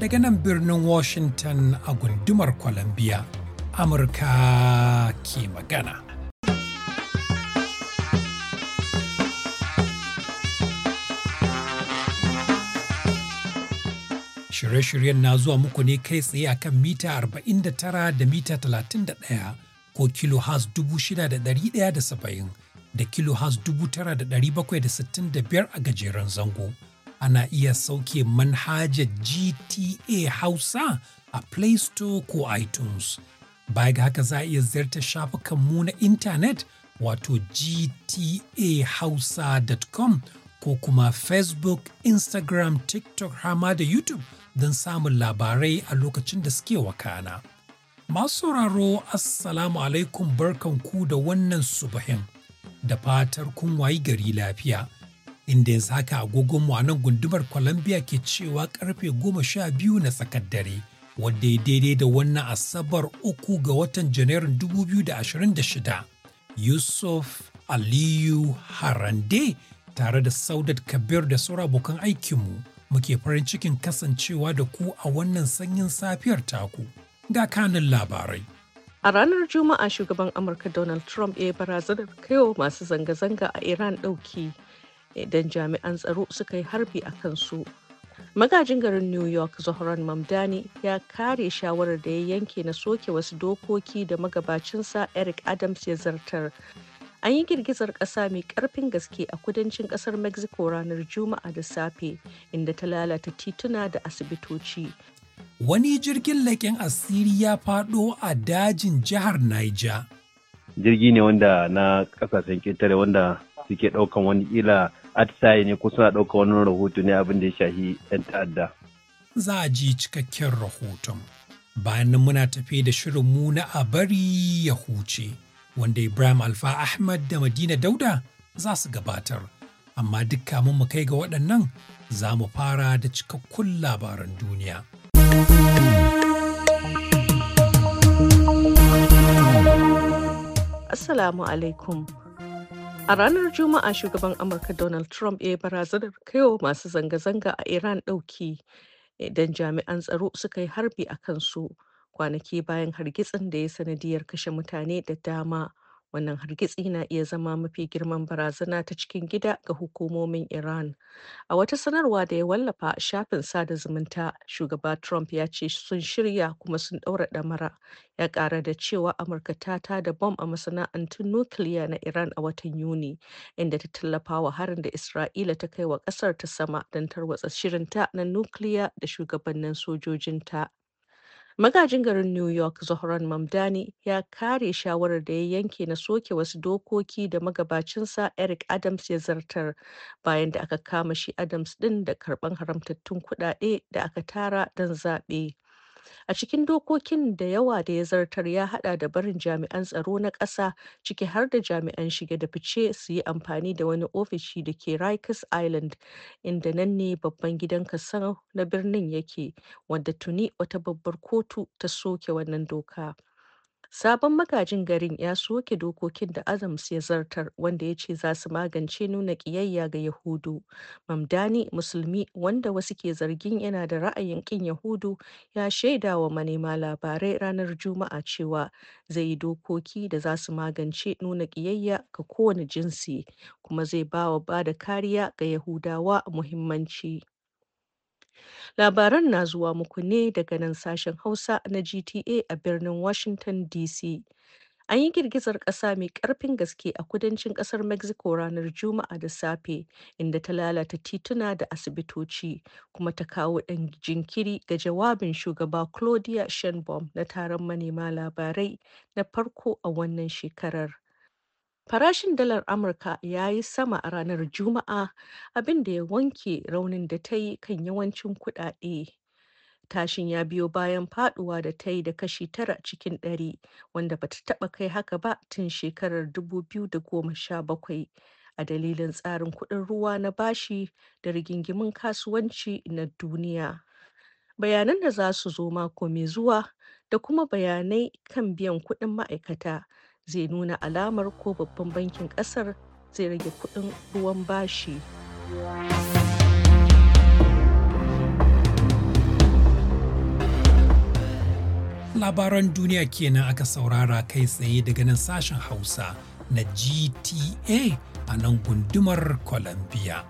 Daga nan birnin Washington a gundumar Columbia, Amurka ke magana. Shirye-shiryen na zuwa muku ne kai tsaye a kan mita 49 da mita 31 ko kilo has 6,170 da da bakwai sittin da biyar a gajeren zango. Ana iya sauke manhajar GTA Hausa a Play Store ko iTunes. Baya ga haka za a iya ziyartar shafukanmu na intanet wato gtahausa.com ko kuma Facebook, Instagram, TikTok hama da YouTube don samun labarai a lokacin da suke wakana. Masu sauraro, Assalamu alaikum barkan ku da wannan subahin. da fatar kun wayi gari lafiya inda yanzu haka agogonmu a nan gundumar Columbia ke cewa karfe goma sha biyu na tsakar dare wadda ya daidai da wannan asabar uku ga watan janairun shida. yusuf aliyu harande tare da saudat kabir da sauran abokan aikinmu muke farin cikin kasancewa da ku a wannan sanyin safiyar taku ga kanin labarai A ranar Juma'a shugaban Amurka Donald Trump ya yi barazanar kaiwa masu zanga-zanga a Iran ɗauki idan eh, jami'an tsaro suka yi harbi a kansu. Magajin garin New York Zohran Mamdani ya kare shawarar da ya yanke na soke wasu dokoki da magabacinsa Eric Adams ya zartar. An yi girgizar ƙasa mai ƙarfin gaske a kudancin ƙasar Mexico ranar Juma'a da safe, inda ta lalata tituna da asibitoci. wani jirgin laƙin asiri ya faɗo a dajin jihar Niger. Jirgi ne wanda na ƙasashen ƙetare wanda suke ɗaukan wani ila atisaye ne ko suna ɗaukan wani rahoto ne abin da ya shahi 'yan ta'adda. Za a ji cikakken rahoton. Bayan muna tafe da shirin mu na a bari ya huce, wanda Ibrahim Alfa Ahmad da Madina Dauda za su gabatar. Amma duk kamun mu kai ga waɗannan za mu fara da cikakkun labaran duniya. Assalamu alaikum. A ranar Juma'a shugaban Amurka Donald Trump ya yi barazanar kaiwa masu zanga-zanga a Iran ɗauki idan eh, jami'an tsaro suka yi harbi a kansu kwanaki bayan hargitsin da ya sanadiyar kashe mutane da dama wannan hargitsi na iya zama mafi girman barazana ta cikin gida ga hukumomin iran a wata sanarwa da ya wallafa a shafin sada zumunta shugaba trump ya ce sun shirya kuma sun ɗaura ɗamara ya ƙara da cewa amurka ta da bom a masana'antun nukiliya na iran a watan yuni inda ta tallafa wa harin da isra'ila ta kai wa ƙasar ta sama don tarwatsa shirinta na nukiliya da shugabannin sojojinta Magajin garin New York, Zohran Mamdani, ya kare shawarar da ya yanke na soke wasu dokoki da magabacinsa Eric Adams ya zartar bayan da aka kama shi Adams ɗin da karɓan haramtattun kuɗaɗe da aka tara don zaɓe. A cikin dokokin da yawa da ya zartar ya haɗa da barin jami'an tsaro na ƙasa ciki har da jami'an shige da fice su yi amfani da wani ofishi da ke Rikers Island inda nan ne babban gidan kasar na birnin yake, wanda tuni wata babbar kotu ta soke wannan doka. Sabon magajin garin ya soke dokokin da Adams ya zartar wanda ya ce za su magance nuna ƙiyayya ga Yahudu. Mamdani Musulmi wanda wasu ke zargin yana da ra'ayin ƙin Yahudu ya shaida wa manema labarai ranar Juma'a cewa zai yi dokoki da za su magance nuna ƙiyayya ga kowane jinsi kuma zai ba wa ba da kariya ga Yahudawa muhimmanci. Labaran na zuwa muku ne daga nan sashen Hausa na GTA a birnin Washington DC. An yi girgizar ƙasa mai ƙarfin gaske a kudancin ƙasar Mexico ranar Juma'a da safe, inda ta lalata tituna da asibitoci, kuma ta kawo ɗan jinkiri ga jawabin Shugaba Claudia Sheinbaum na taron manema labarai na farko a wannan shekarar. Farashin dalar Amurka ya yi sama a ranar Juma'a, abinda ya wanke raunin da ta yi kan yawancin kuɗaɗe. Tashin ya biyo bayan faduwa da ta yi da kashi tara cikin ɗari, wanda ba ta taɓa kai haka ba tun shekarar 2017 a dalilin tsarin kuɗin ruwa na bashi da rigingimin kasuwanci na duniya. Bayanan da za su zo mako mai zuwa da kuma bayanai kan biyan kuɗin ma'aikata zai nuna alamar ko babban bankin kasar zai rage kudin ruwan bashi. Labaran duniya kenan aka saurara kai tsaye daga nan sashen Hausa na GTA a nan gundumar Columbia.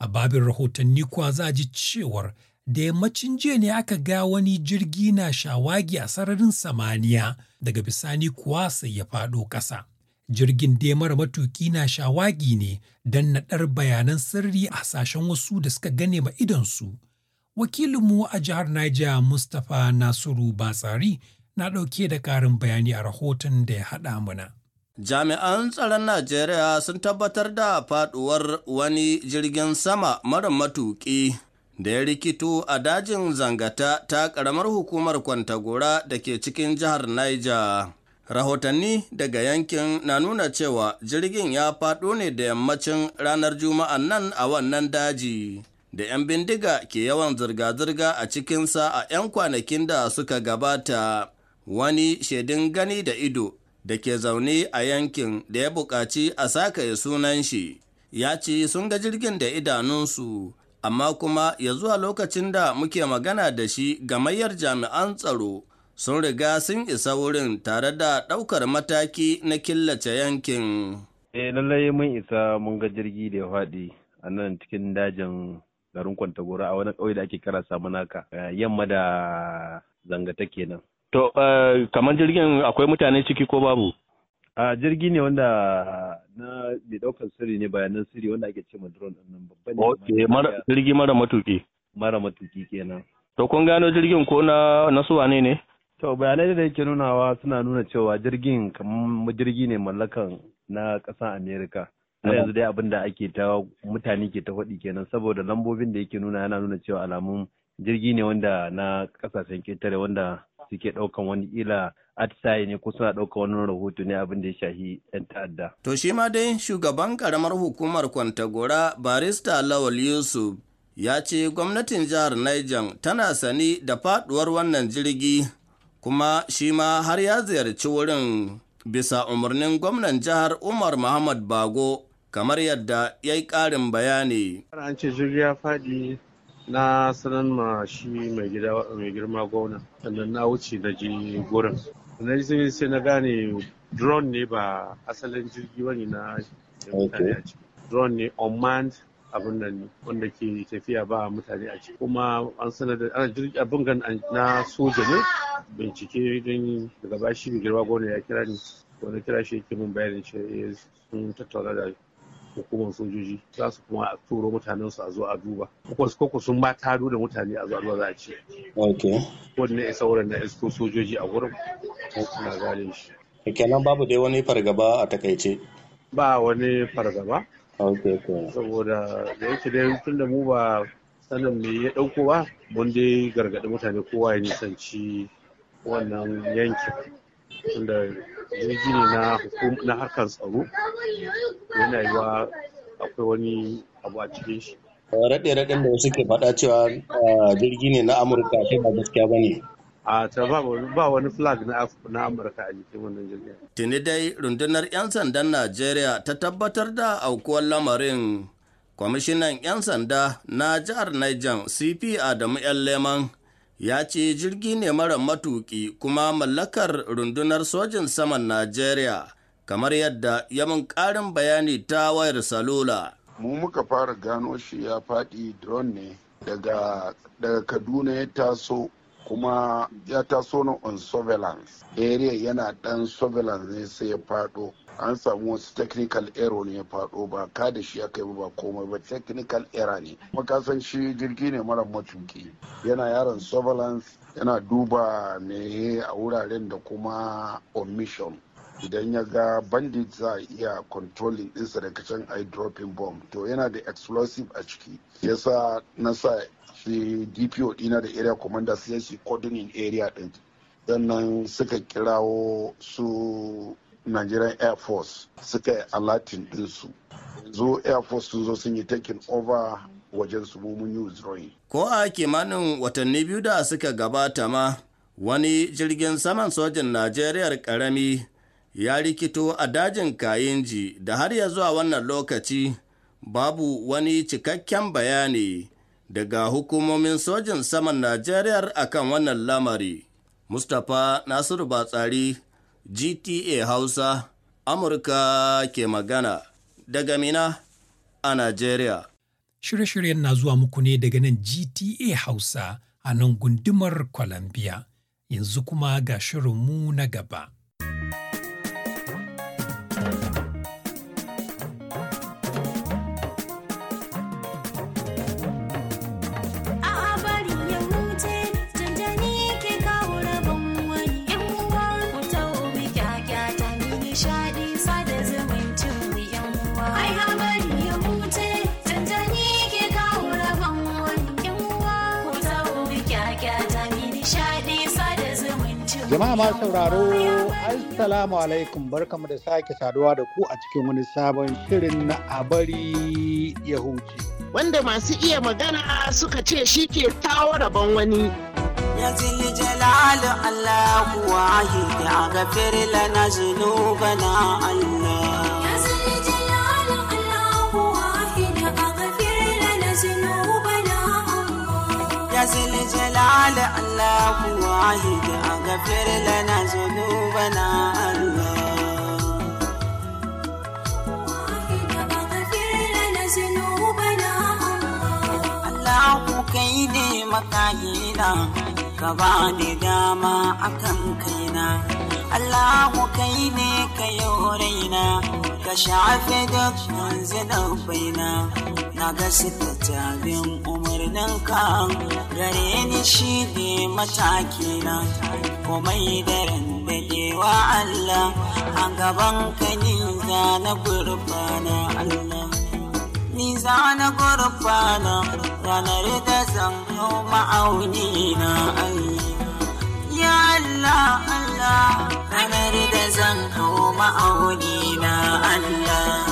A babin rahotanni kuwa za ji cewar da yammacin jiya ne aka ga wani jirgi na shawagi a sararin samaniya daga bisani kuwa sai ya faɗo ƙasa. Jirgin dai mara matuki na shawagi ne don naɗar bayanan sirri a hasashen wasu da suka gane ma idonsu. Wakilinmu a jihar Niger Mustapha Nasiru Batsari na ɗauke da ƙarin bayani a rahoton da ya haɗa mana. Jami'an tsaron Najeriya sun tabbatar da faɗuwar wani jirgin sama mara matuki. da ya rikito a dajin zangata ta ƙaramar hukumar kwantagora da ke cikin jihar niger rahotanni daga yankin na nuna cewa jirgin ya faɗo ne da yammacin ranar juma'a nan a wannan daji da 'yan bindiga ke yawan zirga-zirga a cikinsa a 'yan kwanakin da suka gabata wani shaidin gani da ido da ke zaune a yankin da ya buƙaci a sakaye sunan shi ya ce sun ga jirgin da idanunsu amma kuma ya zuwa lokacin da muke magana da shi gamayyar jami'an tsaro sun riga sun isa wurin tare da ɗaukar mataki na killace yankin. Eh lallai mun isa mun ga jirgi da ya faɗi a nan cikin dajin garin Kwantagora a wani ƙauye da ake kira Samunaka eh, yamma da zangata kenan. To eh, kamar jirgin akwai mutane ciki ko babu? a jirgi ne wanda na mai daukar sirri ne bayanan sirri wanda ake ce ma drone din nan babban ne jirgi mara matuki mara matuki kenan to kun gano jirgin ko na na su wane ne to bayanai da yake nunawa suna nuna cewa jirgin kamar jirgi ne mallakan na ƙasar Amerika. har yanzu dai abin da ake ta mutane ke ta faɗi kenan saboda lambobin da yake nuna yana nuna cewa alamun jirgi ne wanda na ƙasashen ketare wanda suke ɗaukan wani ila atisaye ne ko suna ɗaukan wani rahoto ne abin da ya shahi 'yan ta'adda. To shi ma dai shugaban karamar hukumar Kwantagora barista Lawal Yusuf ya ce gwamnatin jihar Niger tana sani da faɗuwar wannan jirgi kuma shi ma har ya ziyarci wurin bisa umarnin gwamnan jihar Umar Muhammad Bago kamar yadda ya yi ƙarin bayani. An ce jirgi ya faɗi na sanar ma shi mai gida mai girma gwamna sannan na wuce na je gurin na ji sai na gane drone ne ba asalin jirgi wani na mutane a ciki drone ne unmanned abin nan ne wanda ke tafiya ba mutane a ciki kuma an sanar da ana jirgi abin gan na soja ne bincike don daga bashi mai girma gwamna ya kira ni wani kira shi yake min bayanin shi eh, sun tattauna da hukumar sojoji za su kuma turo mutanen su a zo a duba Ko koko sun ma taro da mutane a zo a duba za a ce wanda ya sauran na isko sojoji a wurin na gane shi kenan babu dai wani fargaba a takaice ba wani fargaba saboda da yake dai tun da mu ba sanin me ya dauko ba mun dai gargaɗi mutane kowa ya nisanci wannan yankin tunda jirgi ne na harkar tsaro yana yiwa akwai wani abu a cikin shi raɗe-raɗen da wasu ke faɗa cewa ah, jirgi ne na amurka shi ba gaskiya ba ne a ta ba wani flag na amurka a jikin wannan jirgin tuni dai rundunar 'yan sandan najeriya ta tabbatar da aukuwar lamarin kwamishinan 'yan sanda na jihar niger cp adamu 'yan leman ya ce jirgi ne mara matuki kuma mallakar rundunar sojin saman najeriya kamar yadda ya mun ƙarin bayani ta wayar salula. Mu muka fara gano shi ya faɗi drone ne daga, daga Kaduna ya taso kuma ya taso na on surveillance area yana ɗan surveillance ne sai ya fado an samu wasu technical error ne ya fado ba ka da shi aka yi ba komai ba technical error ne makasan shi jirgi ne mara matuki yana yaron surveillance yana duba me a wuraren da kuma omission idan ya ga bandit za a iya controlling ɗinsa daga can a dropping bomb to yana da explosive a ciki yasa na sa shi dpo dina da area commander sai shi coordinating area din sannan suka kirawo su nigerian air force suka yi alatin ɗinsu yanzu air force sun zo sun yi taking over wajen su mummun yi withdrawing ko a kimanin watanni biyu da suka gabata ma wani jirgin saman sojin najeriya karami ya rikito a dajin Kayinji da har ya zuwa wannan lokaci babu wani cikakken bayani daga hukumomin sojin saman Najeriya akan wannan lamari. Mustapha Nasiru Batsari, GTA Hausa, Amurka ke magana daga Mina a Najeriya. Shirye-shiryen na zuwa muku ne daga nan GTA Hausa a nan gundumar Columbia. Yanzu kuma ga shirinmu na gaba. Jama'a masu sauraro, Assalamu alaikum barkamu da sake saduwa da ku a cikin wani sabon shirin na abari ya huce. Wanda masu iya magana suka ce shi ke tawo rabon wani. يا جل جلال الله واحد na لنا "Bana Allah!" ذي jalal Allah. wahid aghfir lana zunubana Allah. Allah ne makayina ka bani dama akan kaina Allahu kai ne raina ka shafe duk hanzu ɗaubaina na ga ta umarnin ka gare ni shi ne matakina komai da daɗewa Allah a gaban ka niza na gurbana Allah niza na gurbana ranar da zan hau ma'auni na Allah ya Allah Allah ranar da zan hau ma'auni na الله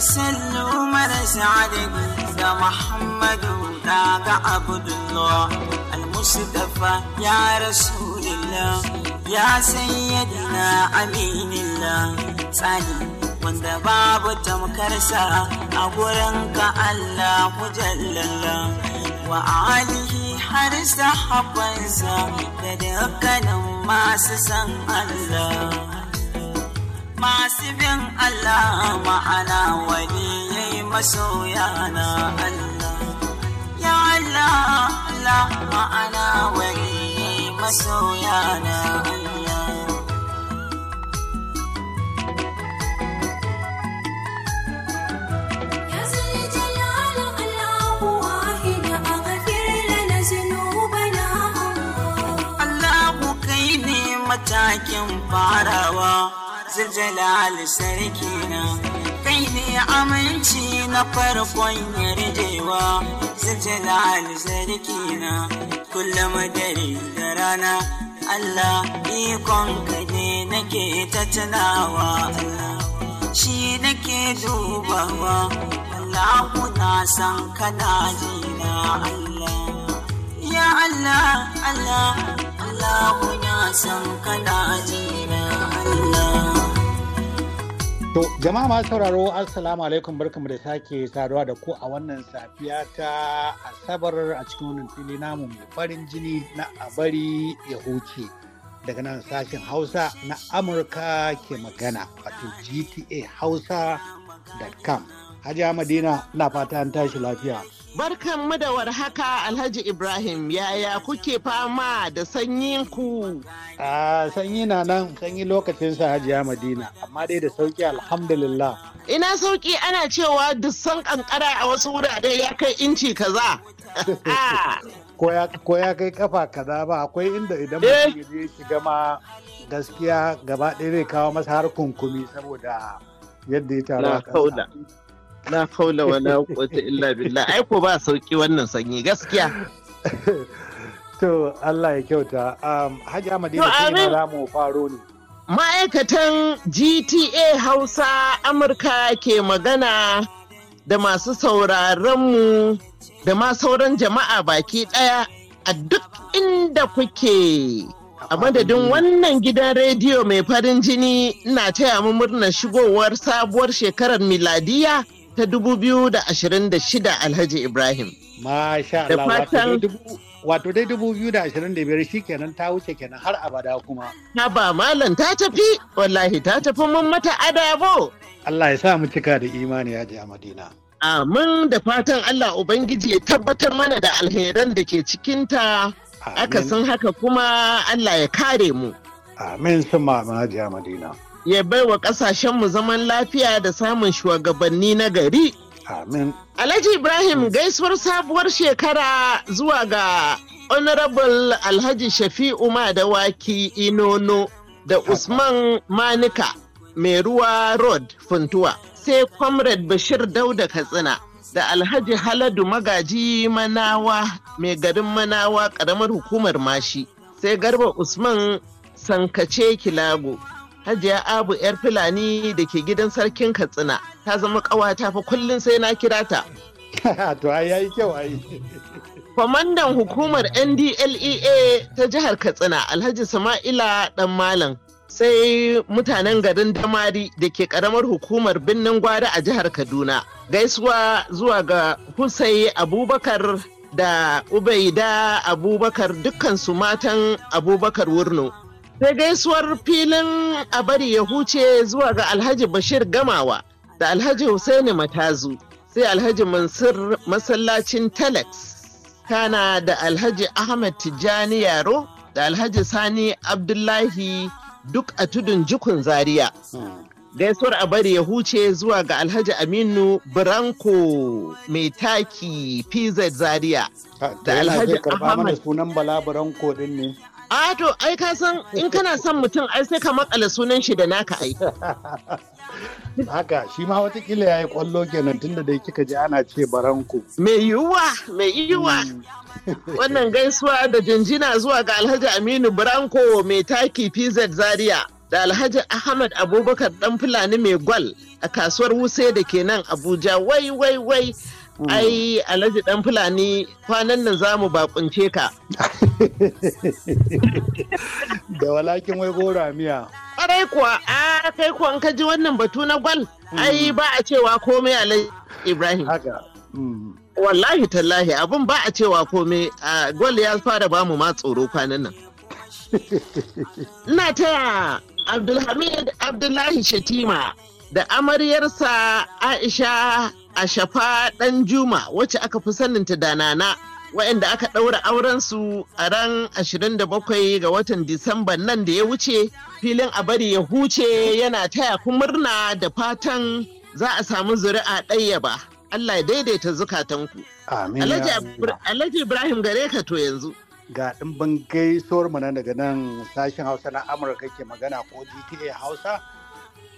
سلوا مرس عددي يا محمد وداك عبد الله المصطفى يا رسول الله يا سيدنا امين الله صلي wanda babu tamkarsa a ka Allah jallala wa alihi har sahabansa da dukkanin masu san Allah masu bin Allah ma'ana wani yayi masoya na Allah ya Allah Allah ma'ana wani yayi masoya na Allah matakin farawa zuljalal sarki na kai ne aminci na farkon yarjewa zuljalal sarki na kullum dare da rana Allah ikon ka ne nake ta tunawa Allah shi nake dubawa Allah na san kana jina Allah ya Allah Allah To jama'a masu sauraro assalamu alaikum barkamu da sake saduwa da ku a wannan safiya ta asabar a cikin wannan fili namu mai farin jini na abari ya huce daga nan sashen hausa na amurka ke magana wato gta hausa.com hajiya madina na fata an tashi lafiya Barkan mu da warhaka Alhaji Ibrahim yaya kuke fama da sanyin ku? Ah, sanyi na nan sanyi lokacin sa Hajiya Madina amma dai da sauki alhamdulillah. Ina sauki ana cewa dusan kankara a wasu wurare ya kai inci kaza. Ah. ko ya kai kafa kaza ba akwai inda idan eh. mutum ya shiga ma gaskiya gaba ɗaya zai kawo masa har kunkumi saboda yadda ya taru a la haula wala quwwata illa billah ai ko ba sauki wannan sanyi gaskiya to Allah ya kyauta um Hajji Madina sai mu faro ne ma'aikatan GTA Hausa Amurka ke magana da masu sauraron mu da ma sauran jama'a baki ɗaya a duk inda kuke. A madadin wannan gidan rediyo mai farin jini na taya mu murnar shigowar sabuwar shekarar miladiya ta 2026 Alhaji Ibrahim. Masha Allah, wato dai 2025 shi kenan ta wuce kenan har abada kuma. Ta ba malam ta tafi, wallahi ta tafi mun mata adabo. Allah ya sa mu cika da imani ya je a Madina. Amin da fatan Allah Ubangiji ya tabbatar mana da alheran da ke cikinta, akasin haka kuma Allah ya kare mu. Amin sun a Madina. ya baiwa ƙasashenmu zaman lafiya da samun shugabanni na gari. Amin. Alhaji Ibrahim mm. gaisuwar sabuwar shekara zuwa ga Honorable Alhaji Shafi'u Madawaki Inono da Usman Manika mai ruwa Road Funtuwa sai Comrade Bashir Dauda Katsina da Alhaji Haladu Magaji Manawa mai garin Manawa ƙaramar hukumar Mashi sai Garba Usman Sankace Kilago Hajiya Abu ‘yar Fulani da ke gidan sarkin Katsina ta zama ƙawata fa kullum sai na kira ta. To ai yayi kyau ai. Kwamandan hukumar NDLEA ta jihar Katsina Alhaji Sama'ila Dan Malam sai mutanen garin Damari da ke karamar hukumar Birnin Gwari a jihar Kaduna. Gaisuwa zuwa ga Husai Abubakar da Ubaida Abubakar dukkan su matan Abubakar Wurno. sai gaisuwar filin a bari ya huce zuwa ga alhaji bashir gamawa da alhaji Hussaini matazu sai alhaji mansur masallacin telex kana da alhaji ahmad tijjani yaro da alhaji sani abdullahi duk a tudun jikun zaria gaisuwar a bari ya huce zuwa ga alhaji aminu branko mai taki pz zaria da alhaji ahmed sunan bala branko din ne A to ai ka san in kana son mutum ai sai ka makala sunan shi da naka ai. Haka shi ma watakila ya yi kwallo kenan tunda da kika ji ana ce baranku. Mai yiwuwa, mai yiwuwa. Hmm. Wannan gaisuwa da jinjina zuwa ga Alhaji Aminu Branko mai taki PZ Zaria. da Alhaji Ahmad Abubakar dan Fulani mai gwal a kasuwar Wuse da ke nan Abuja wai wai wai ai mm. alhaji dan fulani kwanan nan za mu bakunce ka da walakin wai gora miya kwarai kuwa a kai kuwa ka ji wannan batu na gwal mm. ai ba a cewa komai alhaji ibrahim haka mm. wallahi tallahi abun ba a cewa komai gwal ya fara ba mu ma tsoro kwanan nan ina taya abdulhamid abdullahi shatima da amaryarsa aisha A Ashafa Juma wacce aka fi saninta da Nana waɗanda aka ɗaura aurensu a ran 27 ga watan Disamba nan da ya wuce filin a bari ya huce yana taya ku murna da fatan za a samu zuri'a ɗaya ba. Allah ya daidaita zukatanku. Alhaji Ibrahim gare ka to yanzu. Ga ɗimbin gaisuwar mu nan daga nan sashen Hausa na Amurka ke magana ko GTA Hausa.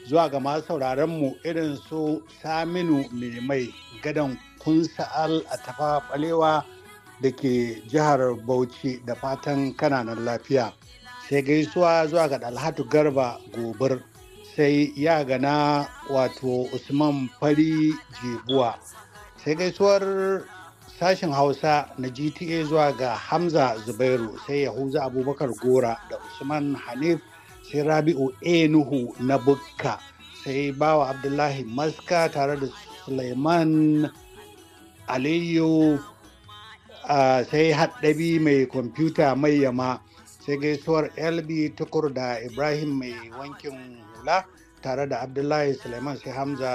zuwa ga masu mu irin su saminu mai gadon kun kunsa'al a tafa balewa da ke jihar bauchi da fatan kananan lafiya sai gaisuwa zuwa ga dalhatu garba gobir sai ya gana wato usman fari jebuwa sai gaisuwar sashen hausa na gta zuwa ga hamza zubairu sai yahuza abubakar gora da usman hanif sai rabi'u enuhu na bukka sai bawa abdullahi maska tare da suleiman aliyu sai haddabi mai kwamfuta mai yama sai gaisuwar lb tukur da ibrahim mai wankin hula tare da abdullahi suleiman sai hamza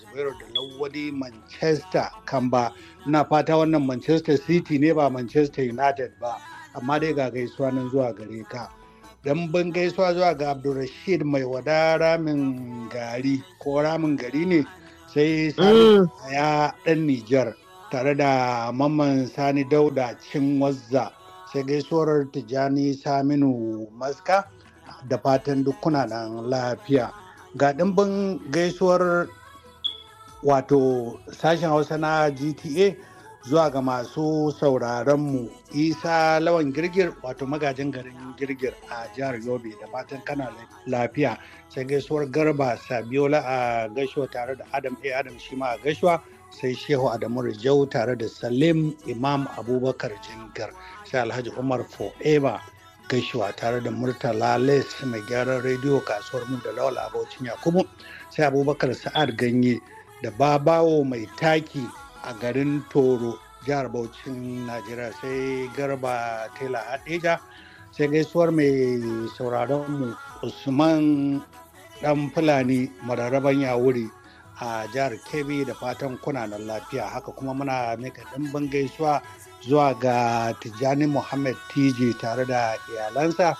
zubairu da lawadi manchester kan ba na fata wannan manchester city ne ba manchester united ba amma dai ga gaisuwa nan zuwa gare ka ɗan gaisuwa zuwa ga abdulrashid mai wada ramin gari ko ramin gari ne sai mm. ya ɗan nijar tare da mamman sani dauda cin wazza sai gaisuwar tijani saminu maska da fatan dukkuna nan lafiya ga dimbin gaisuwar wato sashen hausa na gta zuwa ga masu mu isa lawan girgir wato magajin garin girgir a jihar yobe da fatan kana lafiya sai gaisuwar garba sabiola a gaishuwa tare da adam a adam shi ma a gaishuwa sai shehu adamu rijau tare da salim imam abubakar jingar sai alhaji umar forever gaishuwa tare da murtala les mai gyaran rediyo kasuwar mu da lawal abocin yakubu sai abubakar sa'ad ganye da babawo mai taki a garin toro jihar Bauchin Najeriya sai garba tela hadeja sai gaisuwar mai mu usman dan fulani mararraban yawuri a jihar kebbi da fatan kunanan lafiya haka kuma muna mika dimbin gaisuwa zuwa ga tijjani muhammad tiji tare da iyalansa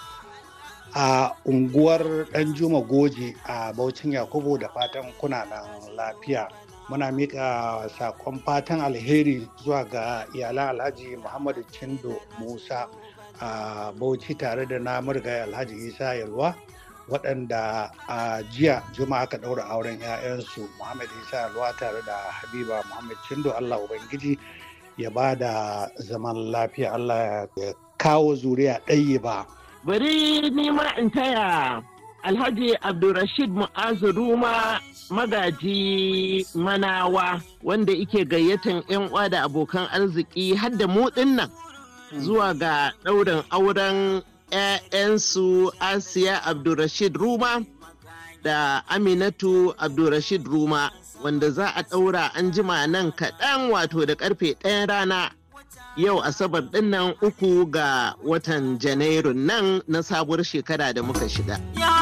a unguwar danjuma Goji a Bauchin yakubu da fatan kunanan lafiya muna mika sakon fatan alheri zuwa ga iyalan alhaji muhammadu cindo musa a bauchi tare da na murgaya alhaji isa yalwa waɗanda a jiya juma aka ɗaura auren 'ya'yansu muhammad isa yalwa tare da habiba muhammad cindo allah ubangiji ya ba da zaman lafiya allah ya kawo zuriya ɗaya ba bari ni ma in taya Alhaji Abdulrashid Mu'azu Ruma magaji manawa wanda ike gayyatan 'yan uwa da abokan arziki har da motsin nan zuwa ga ɗaurin auren 'ya'yansu Asiya Abdulrashid Ruma da Aminatu Abdulrashid Ruma wanda za a ɗaura an jima nan kaɗan wato da ƙarfe ɗayan rana yau asabar ɗinnan uku ga watan janairun nan na sabuwar shekara da muka shiga. Yeah!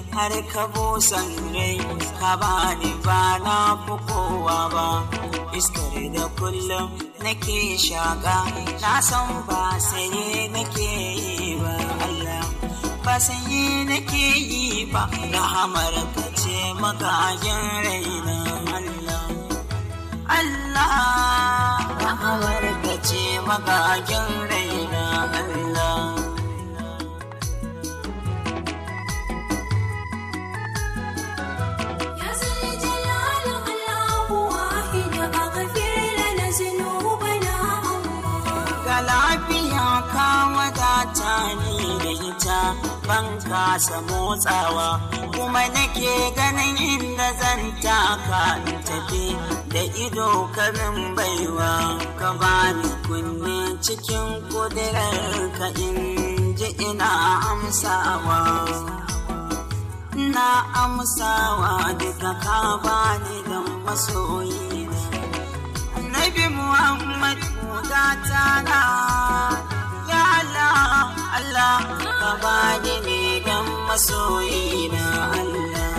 har ka bo rai ka bani ba na fi kowa ba iskar da kullum nake shaka na san ba saye nake yi ba Allah ba saye nake yi ba rahamar ka ce rai raina Allah Allah rahamar ka ce rai. lafiya ka wadata ni da ita ban kasa motsawa kuma nake ganin inda zan taka tafi da ido karin baiwa ka bani kunne cikin kudirar ka in ji ina amsawa na amsawa duka ka bani don masoyi tana ya Allah Allah ka bani ne dan masoyina Allah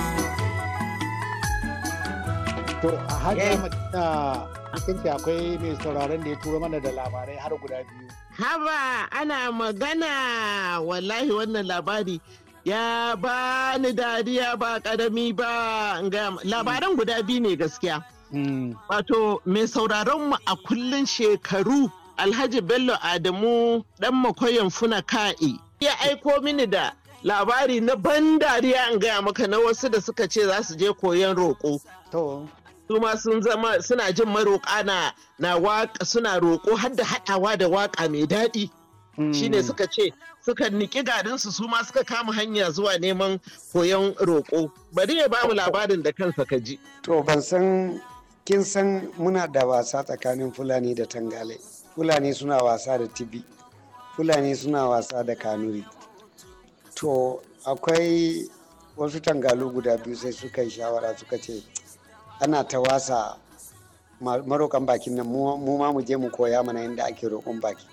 to a eh. akwai mai sauraron da ya tura mana da labarai har guda biyu haba ana magana wallahi wannan labari ya ba ni dariya ba ƙarami ba labaran guda biyu ne gaskiya Wato mai sauraron mu a kullun shekaru Alhaji Bello Adamu ɗan makoyan funa ka'i ya aiko mini da labari na ban dariya in gaya maka na wasu da suka ce za su je koyon roƙo. su sun zama suna jin maroƙa na na suna roƙo har da haɗawa da waƙa mai daɗi. Shi ne mm. suka ce suka niki gadinsu su ma suka kama hanya zuwa neman koyon roƙo. Bari ya bamu labarin da kansa ka ji. To ban san kin san muna da wasa tsakanin fulani da tangale fulani suna wasa da tibi fulani suna wasa da kanuri to akwai wasu tangalu guda biyu sai suka yi shawara suka ce ana ta wasa marokan bakin nan mu ma mu je mu koya mana yadda ake roƙon baki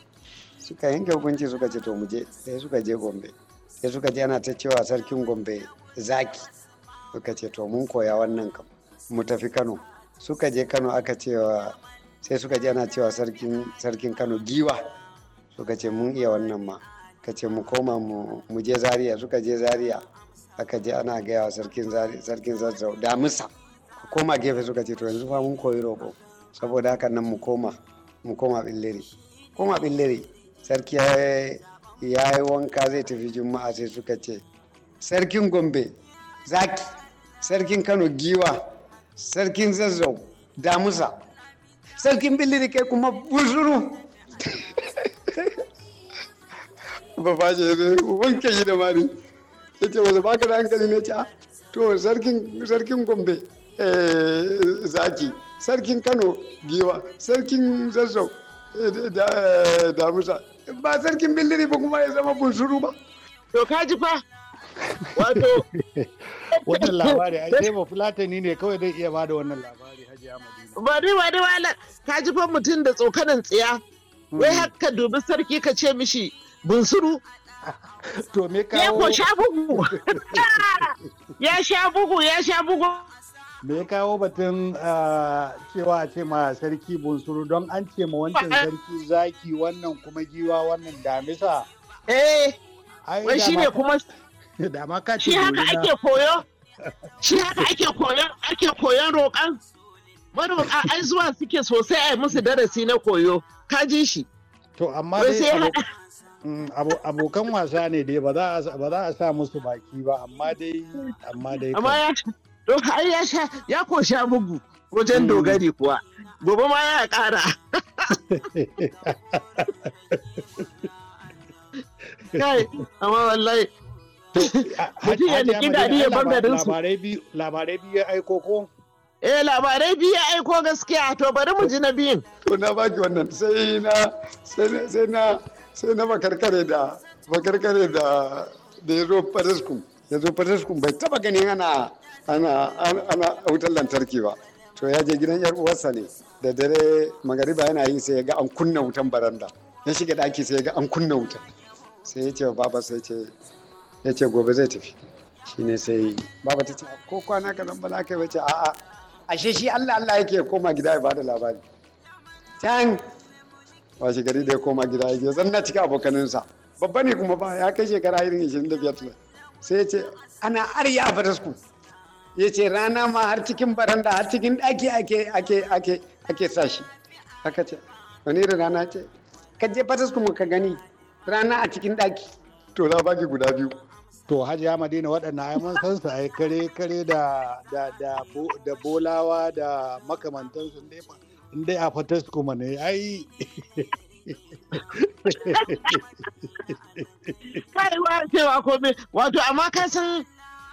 suka yanke hukunci suka ce to mu je sai suka je gombe sai suka je ana ta cewa sarkin gombe zaki suka ce to mun koya wannan kam mu tafi kano suka je kano aka cewa sai suka je ana cewa sarkin kano giwa suka ce mun iya wannan ma ka ce mu koma mu je zaria suka je zaria aka je ana gaya wa sarkin zazzau da musa koma gefe suka ce to yanzu fa mun koyi roƙo saboda haka nan mu koma mu koma billiri koma billiri sarki ya yi wanka zai tafi juma'a sai suka ce sarkin gombe zaki sarkin kano giwa sarkin zazzau damusa sarkin kai kuma busuru ba ba shi ne wanke shi da mani ya ce wasu baka da hankali ne ce ah, to sarkin gombe eh, zaki sarkin kano giwa sarkin zazzau eh, eh, damusa ba sarkin billiri ba kuma ya zama bunsuru ba to kaji fa wato wannan labari a sai ba fulatani ne kawai zai iya bada wannan labari haji amadu ba dai ba dai wala ka ji fa mutum da tsokanan tsiya hmm. wai haka dubi sarki ka ce mishi bunsuru to me kawo ya sha bugu ya sha bugu ya sha bugu me ya kawo batun ah, cewa a ce ma sarki bunsuru don an ce ma wancan sarki zaki wannan kuma giwa wannan damisa eh wai shine kuma da ma ka ce haka ake koyo shi haka ake koyo ake koyon roƙan maroƙa ai zuwa suke sosai ai musu darasi na koyo ka ji shi to amma dai mm, abokan wasa ne dai ba za a sa musu baki ba amma dai amma dai amma ya to ai ya sha ya ko sha bugu wajen mm. dogari kuwa gobe ma ya ƙara kai amma wallahi Labarai biyu ya aiko ko? Eh labarai biyu ya aiko gaskiya to bari mu ji na biyun. To na baki wannan sai na sai na sai na bakarkare da bakarkare da da yazo Farisku. Yazo Farisku bai taba ganin ana ana ana wutar lantarki ba. To ya je gidan yar uwarsa ne da dare magariba yana yi sai ya ga an kunna wutan baranda. Ya shiga daki sai ya ga an kunna wuta. Sai ya ce baba sai ya ce ya ce gobe zai tafi shi ne sai baba ta ce ko kwana ka zamba ba za ka yi wace a'a ashe shi Allah Allah yake koma gida ya bada labari can washe gari da ya koma gida ya je zan na cika abokaninsa babba ne kuma ba ya kai shekara irin 25 sai ya ce ana arya a fatasku ya ce rana ma har cikin baranda har cikin ɗaki ake ake ake ake sa shi aka ce wani irin rana ce ka je fatasku ka gani rana a cikin ɗaki to labari guda biyu to hajiya madina waɗannan ai mun san su ai kare kare da bolawa da makamantan su ne in dai a kuma ne ai kai wa cewa komai wato amma ka san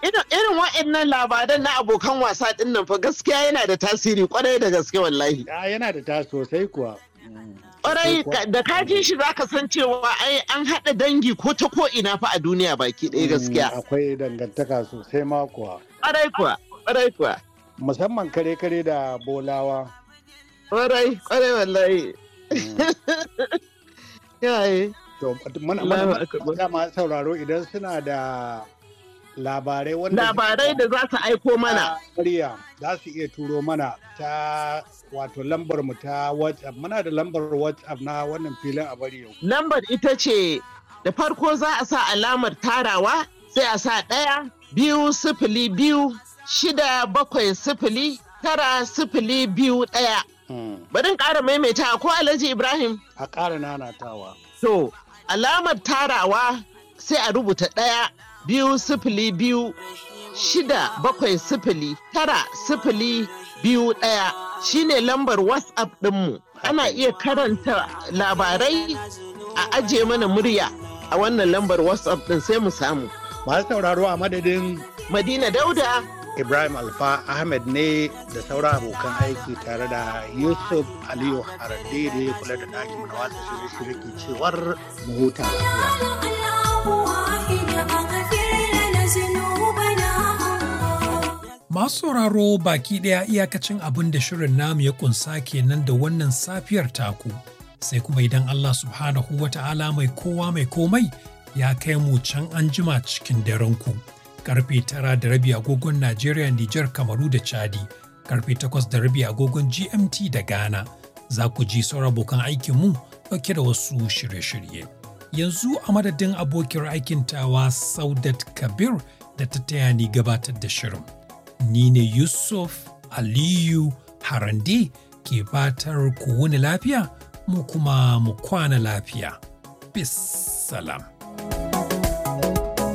irin waɗannan labaran na abokan wasa ɗinnan fa gaskiya yana da tasiri kwarai da gaske wallahi yana da tasiri sosai kuwa mm. Kwarai da kaji shi za ka san cewa ai an haɗa dangi ko ta ko ina fa a duniya baki ɗaya mm, gaskiya. Akwai dangantaka sosai ma kuwa. Kwarai kuwa, kwarai kuwa. Musamman kare-kare da bolawa. Kwarai, kwarai wallahi. Mm. Yaye. To, mana sauraro idan suna da labarai wanda labarai da za su aiko mana murya za su iya turo mana ta wato lambar mu ta whatsapp muna da lambar whatsapp na wannan filin a bari yau lambar ita ce da farko za a sa alamar tarawa sai a sa ɗaya biyu sifili biyu shida bakwai sifili tara sifili biyu ɗaya hmm. Barin ƙara maimaita ko Alhaji Ibrahim? A ƙara nanatawa. To, alamar tarawa sai a rubuta ɗaya biyu sifili biyu shida bakwai sifili tara sifili biyu ɗaya shine lambar whatsapp ɗinmu ana iya karanta labarai a aje mana murya a wannan lambar whatsapp ɗin sai mu samu masu sauraro a madadin madina dauda ibrahim alfa ahmed ne da sauran abokan aiki tare da yusuf aliyu harande da ya kula da ɗakin na watsa shirye-shirye cewar mahuta. lafiya Masu sauraro baki ɗaya iyakacin abin da shirin namu ya kunsa kenan da wannan safiyar taku. Sai kuma idan Allah subhanahu wa ta'ala mai kowa mai komai ya kai mu can an jima cikin ku Karfe tara da rabi agogon Najeriya, Nijar, Kamaru da Chadi. Karfe takwas da rabi agogon GMT da Ghana. Za ku ji sauran abokan mu ɗauke da wasu shirye-shirye. Yanzu a madadin abokin aikin tawa Saudat Kabir da ta taya ni gabatar da shirin. ni ne Yusuf Aliyu Harande ke fatar ku wuni lafiya mu kuma mu kwana lafiya. Bis salam.